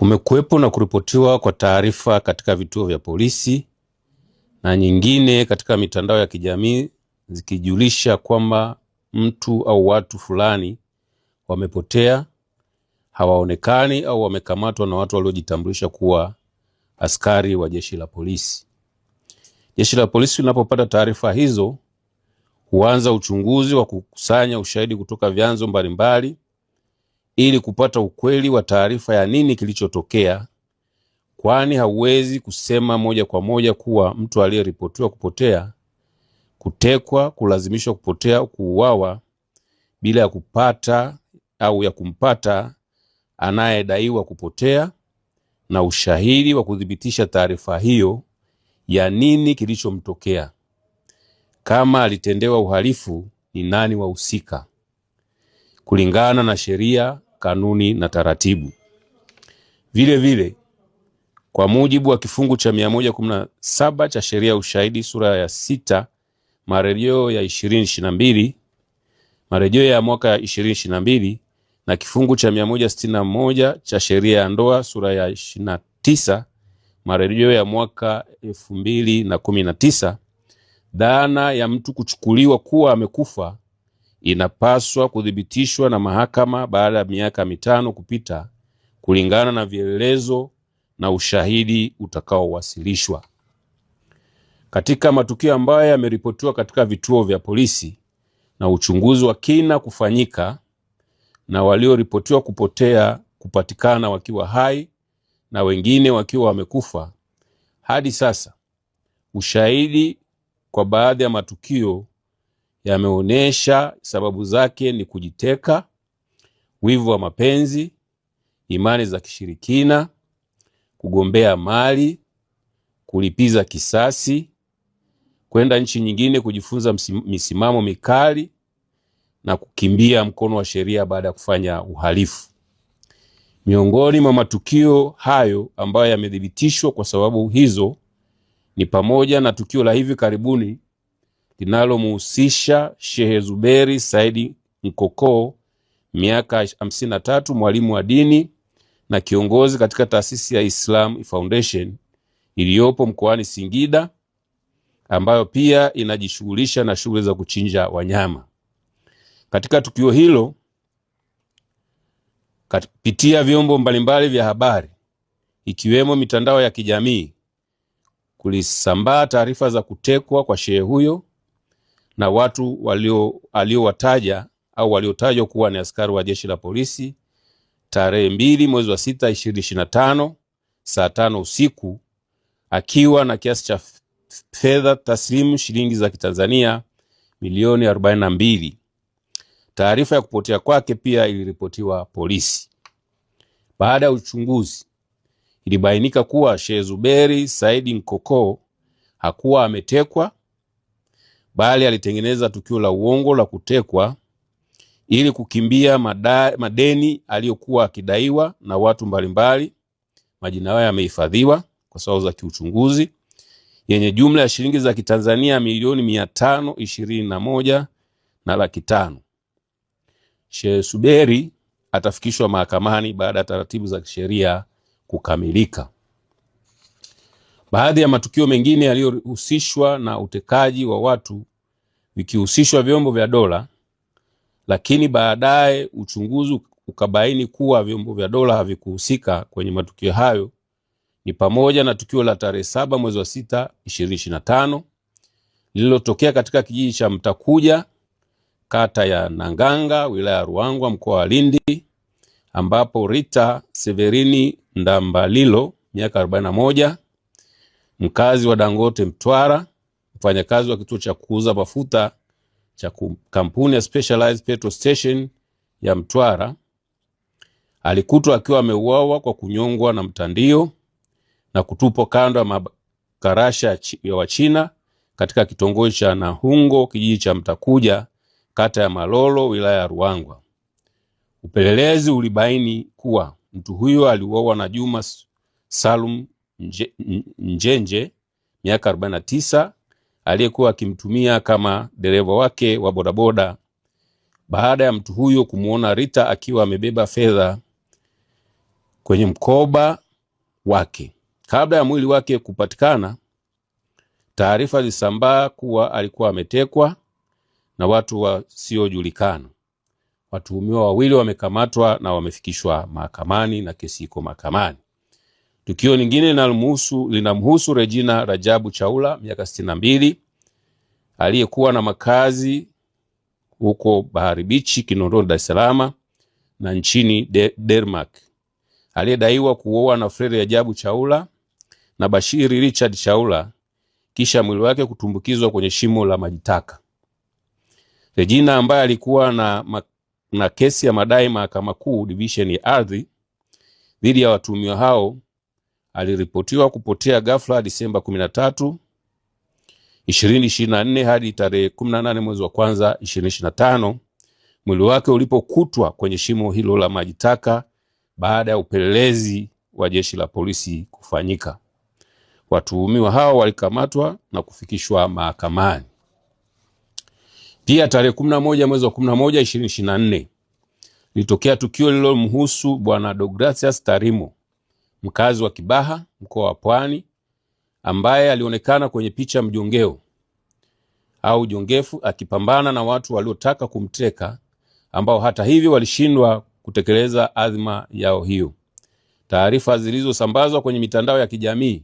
Kumekuwepo na kuripotiwa kwa taarifa katika vituo vya polisi na nyingine katika mitandao ya kijamii zikijulisha kwamba mtu au watu fulani wamepotea, hawaonekani au wamekamatwa na watu waliojitambulisha kuwa askari wa jeshi la polisi. Jeshi la polisi linapopata taarifa hizo huanza uchunguzi wa kukusanya ushahidi kutoka vyanzo mbalimbali ili kupata ukweli wa taarifa ya nini kilichotokea, kwani hauwezi kusema moja kwa moja kuwa mtu aliyeripotiwa kupotea, kutekwa, kulazimishwa kupotea, kuuawa bila ya kupata au ya kumpata anayedaiwa kupotea na ushahidi wa kuthibitisha taarifa hiyo ya nini kilichomtokea. Kama alitendewa uhalifu, ni nani wahusika kulingana na sheria kanuni na taratibu. Vile vile kwa mujibu wa kifungu cha 117 cha sheria ya ushahidi sura ya sita marejeo ya 2022 marejeo ya mwaka ya 2022 na kifungu cha 161 cha sheria ya ndoa sura ya 29 marejeo ya mwaka 2019 dhana ya mtu kuchukuliwa kuwa amekufa inapaswa kuthibitishwa na mahakama baada ya miaka mitano kupita kulingana na vielelezo na ushahidi utakaowasilishwa. Katika matukio ambayo yameripotiwa katika vituo vya polisi na uchunguzi wa kina kufanyika na walioripotiwa kupotea kupatikana wakiwa hai na wengine wakiwa wamekufa, hadi sasa ushahidi kwa baadhi ya matukio yameonyesha sababu zake ni kujiteka, wivu wa mapenzi, imani za kishirikina, kugombea mali, kulipiza kisasi, kwenda nchi nyingine kujifunza misimamo mikali na kukimbia mkono wa sheria baada ya kufanya uhalifu. Miongoni mwa matukio hayo ambayo yamethibitishwa kwa sababu hizo ni pamoja na tukio la hivi karibuni linalomhusisha Shehe Zuberi Saidi Mkokoo miaka 53, mwalimu wa dini na kiongozi katika taasisi ya Islam Foundation iliyopo mkoani Singida ambayo pia inajishughulisha na shughuli za kuchinja wanyama. Katika tukio hilo, kupitia vyombo mbalimbali vya habari ikiwemo mitandao ya kijamii, kulisambaa taarifa za kutekwa kwa shehe huyo na watu walio aliowataja au waliotajwa kuwa ni askari wa jeshi la polisi tarehe mbili mwezi wa sita ishirini na tano saa tano usiku akiwa na kiasi cha fedha taslimu shilingi za Kitanzania milioni arobaini na mbili. Taarifa ya kupotea kwake pia iliripotiwa polisi. Baada ya uchunguzi, ilibainika kuwa Sheikh Zuberi Saidi Nkoko hakuwa ametekwa bali alitengeneza tukio la uongo la kutekwa ili kukimbia mada, madeni aliyokuwa akidaiwa na watu mbalimbali. Majina hayo yamehifadhiwa kwa sababu za kiuchunguzi, yenye jumla ya shilingi za Kitanzania milioni mia tano ishirini na moja na laki tano. Sheikh Suberi atafikishwa mahakamani baada ya taratibu za kisheria kukamilika. Baadhi ya matukio mengine yaliyohusishwa na utekaji wa watu vikihusishwa vyombo vya dola, lakini baadaye uchunguzi ukabaini kuwa vyombo vya dola havikuhusika kwenye matukio hayo, ni pamoja na tukio la tarehe saba mwezi wa sita 2025 lililotokea katika kijiji cha Mtakuja kata ya Nanganga wilaya ya Ruangwa mkoa wa Lindi ambapo Rita Severini Ndambalilo miaka 41 mkazi wa Dangote Mtwara mfanyakazi wa kituo cha kuuza mafuta cha kampuni ya Specialized Petrol Station ya Mtwara alikutwa akiwa ameuawa kwa kunyongwa na mtandio na kutupwa kando ya makarasha ya Wachina katika kitongoji cha Nahungo, kijiji cha Mtakuja, kata ya Malolo, wilaya ya Ruangwa. Upelelezi ulibaini kuwa mtu huyo aliuawa na Juma Salum Njenje, miaka 49 aliyekuwa akimtumia kama dereva wake wa bodaboda, baada ya mtu huyo kumwona Rita akiwa amebeba fedha kwenye mkoba wake. Kabla ya mwili wake kupatikana, taarifa zilisambaa kuwa alikuwa ametekwa na watu wasiojulikana. Watuhumiwa wawili wamekamatwa na wamefikishwa mahakamani na kesi iko mahakamani. Tukio lingine linamhusu Regina Rajabu Chaula miaka 62 aliyekuwa na makazi huko Bahari Bichi, Kinondoni, Dar es Salaam na nchini De Denmark, aliyedaiwa kuoa na Fred Rajabu Chaula na Bashiri Richard Chaula kisha mwili wake kutumbukizwa kwenye shimo la majitaka. Regina ambaye alikuwa na, na kesi ya madai Mahakama Kuu division ya ardhi dhidi ya watumio hao aliripotiwa kupotea ghafla Disemba 13, 2024 hadi tarehe 18 mwezi wa kwanza 2025, mwili wake ulipokutwa kwenye shimo hilo la maji taka baada ya upelelezi wa jeshi la polisi kufanyika. Watuhumiwa hao walikamatwa na kufikishwa mahakamani. Pia tarehe 11 mwezi wa 11 2024 litokea tukio lililomhusu Bwana Deogratias Tarimo mkazi wa Kibaha mkoa wa Pwani, ambaye alionekana kwenye picha mjongeo au jongefu akipambana na watu waliotaka kumteka, ambao hata hivyo walishindwa kutekeleza azma yao hiyo. Taarifa zilizosambazwa kwenye mitandao ya kijamii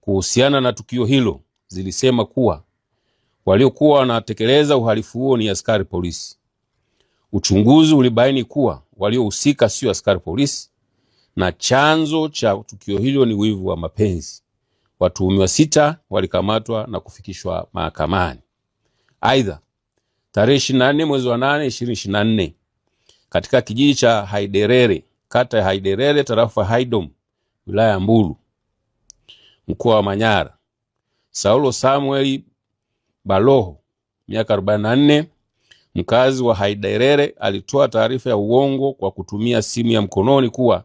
kuhusiana na tukio hilo zilisema kuwa waliokuwa wanatekeleza uhalifu huo ni askari polisi. Uchunguzi ulibaini kuwa waliohusika sio askari polisi na chanzo cha tukio hilo ni wivu wa mapenzi. Watuhumiwa sita walikamatwa na kufikishwa mahakamani. Aidha, tarehe 24 mwezi wa 8 2024 katika kijiji cha Haiderere, kata ya Haiderere, tarafa Haidom, wilaya ya Mbulu, mkoa wa Manyara, Saulo Samuel Baloho, miaka 44, mkazi wa Haiderere, alitoa taarifa ya uongo kwa kutumia simu ya mkononi kuwa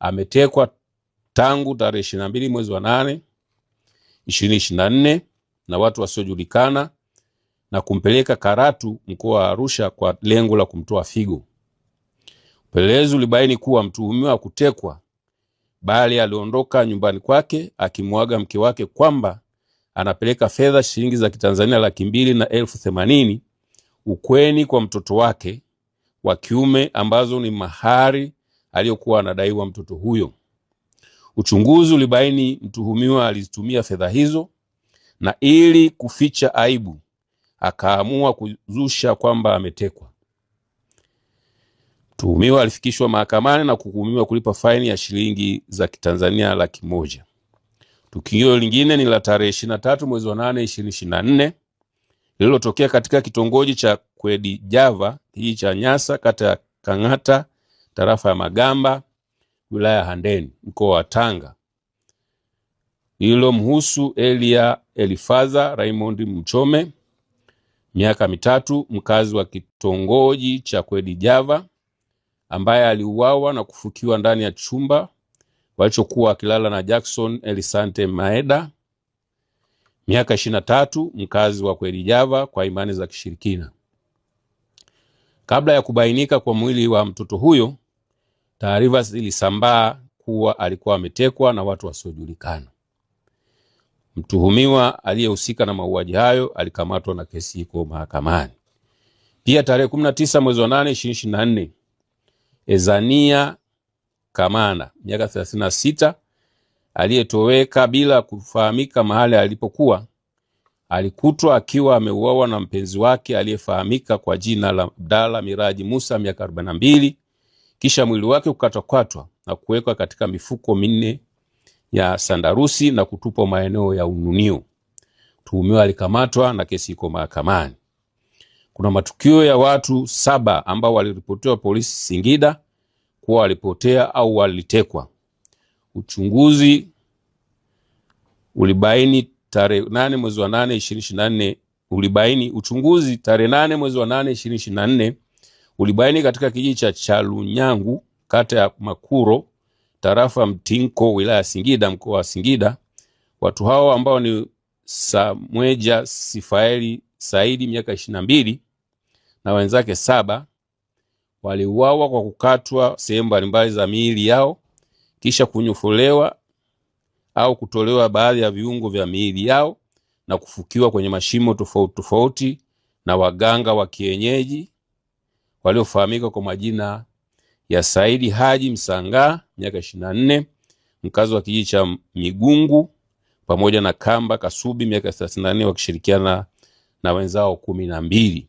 ametekwa tangu tarehe ishirini na mbili mwezi wa nane ishirini ishirini na nne na watu wasiojulikana na kumpeleka Karatu mkoa wa Arusha kwa lengo la kumtoa figo. Upelelezi ulibaini kuwa mtuhumiwa kutekwa bali aliondoka nyumbani kwake akimwaga mke wake kwamba anapeleka fedha shilingi za Kitanzania laki mbili na elfu themanini ukweni kwa mtoto wake wa kiume ambazo ni mahari aliyokuwa anadaiwa mtoto huyo. Uchunguzi ulibaini mtuhumiwa alizitumia fedha hizo, na ili kuficha aibu akaamua kuzusha kwamba ametekwa. Mtuhumiwa alifikishwa mahakamani na kuhukumiwa kulipa faini ya shilingi za Kitanzania laki moja. Tukio lingine ni la tarehe tatu mwezi wa na nne lililotokea katika kitongoji cha Kwedi Java hii cha Nyasa kata ya Kang'ata tarafa ya Magamba, wilaya ya Handeni, mkoa wa Tanga, lililomhusu Elia Elifaza Raymond Mchome, miaka mitatu, mkazi wa kitongoji cha Kwedi Java, ambaye aliuawa na kufukiwa ndani ya chumba walichokuwa akilala na Jackson Elisante Maeda, miaka ishirini na tatu, mkazi wa Kwedi Java, kwa imani za kishirikina. Kabla ya kubainika kwa mwili wa mtoto huyo, taarifa zilisambaa kuwa alikuwa ametekwa na watu wasiojulikana. Mtuhumiwa aliyehusika na mauaji hayo alikamatwa na kesi iko mahakamani. Pia tarehe 19 mwezi wa 8 2024, Ezania Kamana miaka 36 aliyetoweka bila kufahamika mahali alipokuwa alikutwa akiwa ameuawa na mpenzi wake aliyefahamika kwa jina la Abdalla Miraji Musa miaka 42, kisha mwili wake kukatwakatwa na kuwekwa katika mifuko minne ya sandarusi na kutupwa maeneo ya Ununio. Mtuhumiwa alikamatwa na kesi iko mahakamani. Kuna matukio ya watu saba ambao waliripotiwa polisi Singida kuwa walipotea au walitekwa. Uchunguzi ulibaini tarehe nane mwezi wa nane ishirini na nne ulibaini uchunguzi tarehe nane mwezi wa nane ishirini ishirini na nne ulibaini katika kijiji cha Chalunyangu kata ya Makuro tarafa Mtinko wilaya ya Singida mkoa wa Singida watu hao ambao ni Samweja Sifaeli Saidi miaka ishirini na mbili na wenzake saba waliuawa kwa kukatwa sehemu mbalimbali za miili yao kisha kunyufulewa au kutolewa baadhi ya viungo vya miili yao na kufukiwa kwenye mashimo tofauti tofauti na waganga wa kienyeji waliofahamika kwa majina ya Saidi Haji Msangaa, miaka 24, mkazi wa kijiji cha Migungu, pamoja na Kamba Kasubi, miaka 34, wakishirikiana na wenzao kumi na mbili.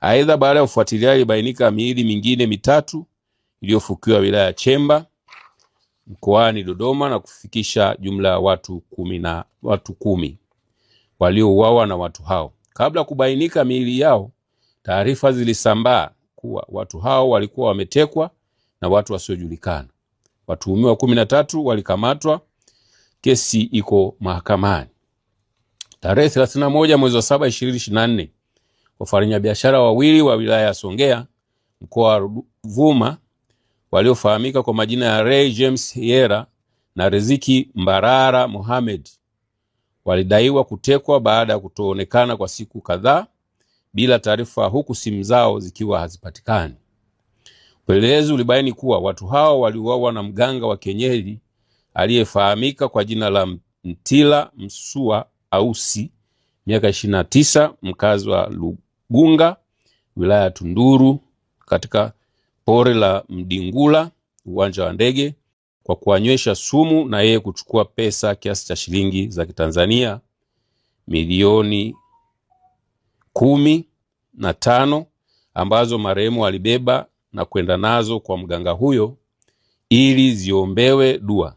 Aidha, baada ya ufuatiliaji, ilibainika miili mingine mitatu iliyofukiwa wilaya ya Chemba mkoani Dodoma na kufikisha jumla ya watu kumi na watu kumi waliouawa na watu hao. Kabla kubainika miili yao, taarifa zilisambaa kuwa watu hao walikuwa wametekwa na watu wasiojulikana. Watuhumiwa kumi na tatu walikamatwa. Kesi iko mahakamani. Tarehe moja mwezi wa saba nne wafanyabiashara wawili wa wilaya ya Songea mkoa wa Ruvuma waliofahamika kwa majina ya Ray James Hyera na Riziki Mbarara Mohamed walidaiwa kutekwa baada ya kutoonekana kwa siku kadhaa bila taarifa, huku simu zao zikiwa hazipatikani. Upelelezi ulibaini kuwa watu hao waliuawa na mganga wa kienyeji aliyefahamika kwa jina la Mtila Msua Ausi, miaka 29, mkazi wa Lugunga, wilaya ya Tunduru, katika pori la Mdingula uwanja wa ndege kwa kuanywesha sumu na yeye kuchukua pesa kiasi cha shilingi za Kitanzania milioni kumi na tano ambazo marehemu alibeba na kwenda nazo kwa mganga huyo ili ziombewe dua.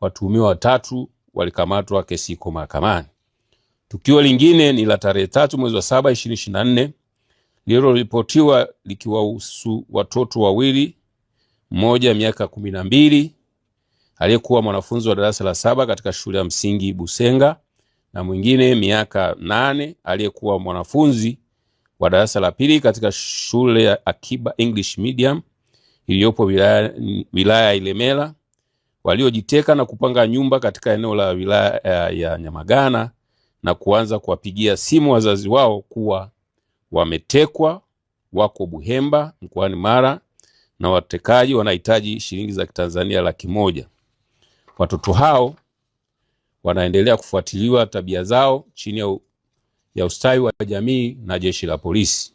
Watuhumiwa watatu walikamatwa, kesi iko mahakamani. Tukio lingine ni la tarehe tatu mwezi wa saba ishirini ishirini na nne lililoripotiwa likiwahusu watoto wawili, mmoja miaka kumi na mbili aliyekuwa mwanafunzi wa darasa la saba katika shule ya msingi Busenga na mwingine miaka nane aliyekuwa mwanafunzi wa darasa la pili katika shule ya Akiba English Medium iliyopo wilaya, wilaya ya Ilemela waliojiteka na kupanga nyumba katika eneo la wilaya eh, ya Nyamagana na kuanza kuwapigia simu wazazi wao kuwa wametekwa, wako Buhemba mkoani Mara na watekaji wanahitaji shilingi za Kitanzania laki moja. Watoto hao wanaendelea kufuatiliwa tabia zao chini ya, ya ustawi wa jamii na jeshi la polisi.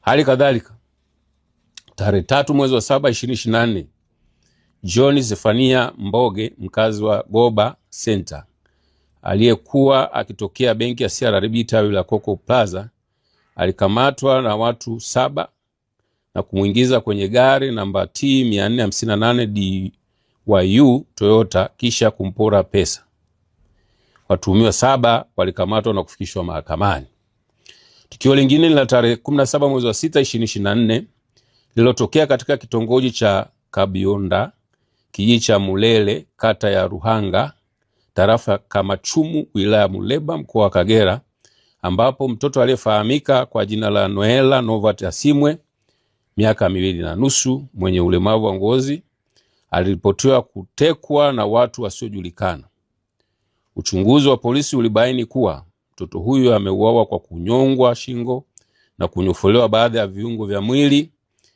Hali kadhalika tarehe tatu mwezi wa saba ishirini na nne John Zefania Mboge mkazi wa Goba Center aliyekuwa akitokea benki ya CRDB tawi la Coco Plaza alikamatwa na watu saba na kumwingiza kwenye gari namba T 458 DYU Toyota kisha kumpora pesa. Watuhumiwa saba walikamatwa na kufikishwa mahakamani. Tukio lingine ni la tarehe 17 mwezi wa 6 2024 lililotokea katika kitongoji cha Kabionda kijiji cha Mulele kata ya Ruhanga tarafa Kamachumu wilaya Muleba mkoa wa Kagera ambapo mtoto aliyefahamika kwa jina la noela Novat Asimwe, miaka miwili na nusu, mwenye ulemavu wa ngozi aliripotiwa kutekwa na watu wasiojulikana. Uchunguzi wa polisi ulibaini kuwa mtoto huyo ameuawa kwa kunyongwa shingo na kunyofolewa baadhi ya viungo vya mwili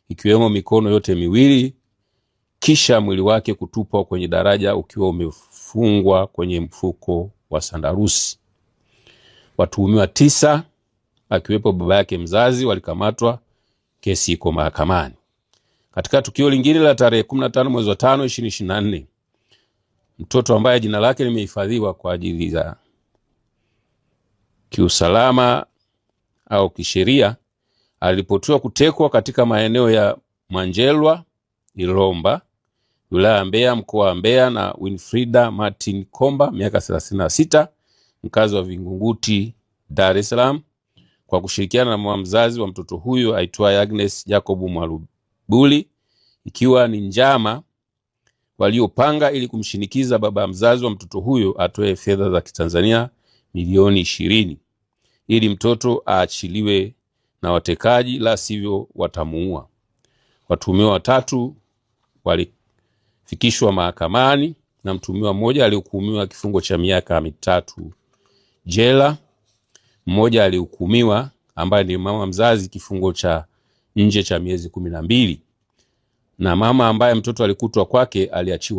ikiwemo mikono yote miwili, kisha mwili wake kutupwa kwenye daraja ukiwa umefungwa kwenye mfuko wa sandarusi. Watuhumiwa tisa akiwepo baba yake mzazi walikamatwa, kesi iko mahakamani. Katika tukio lingine la tarehe 15 mwezi wa 5 2024, mtoto ambaye jina lake limehifadhiwa kwa ajili ya kiusalama au kisheria alipotiwa kutekwa katika maeneo ya Mwanjelwa, Ilomba, wilaya ya Mbeya, mkoa wa Mbeya na Winfrida Martin Komba miaka 36 mkazi wa Vingunguti, Dar es Salaam, kwa kushirikiana na mama mzazi wa mtoto huyo aitwaye Agnes Jacob Mwalubuli, ikiwa ni njama waliopanga ili kumshinikiza baba mzazi wa mtoto huyo atoe fedha za Kitanzania milioni ishirini ili mtoto aachiliwe na watekaji, la sivyo watamuua. Watuhumiwa watatu walifikishwa mahakamani na mtuhumiwa mmoja aliyokuumiwa kifungo cha miaka mitatu jela, mmoja alihukumiwa ambaye ni mama mzazi kifungo cha nje cha miezi kumi na mbili na mama ambaye mtoto alikutwa kwake aliachiwa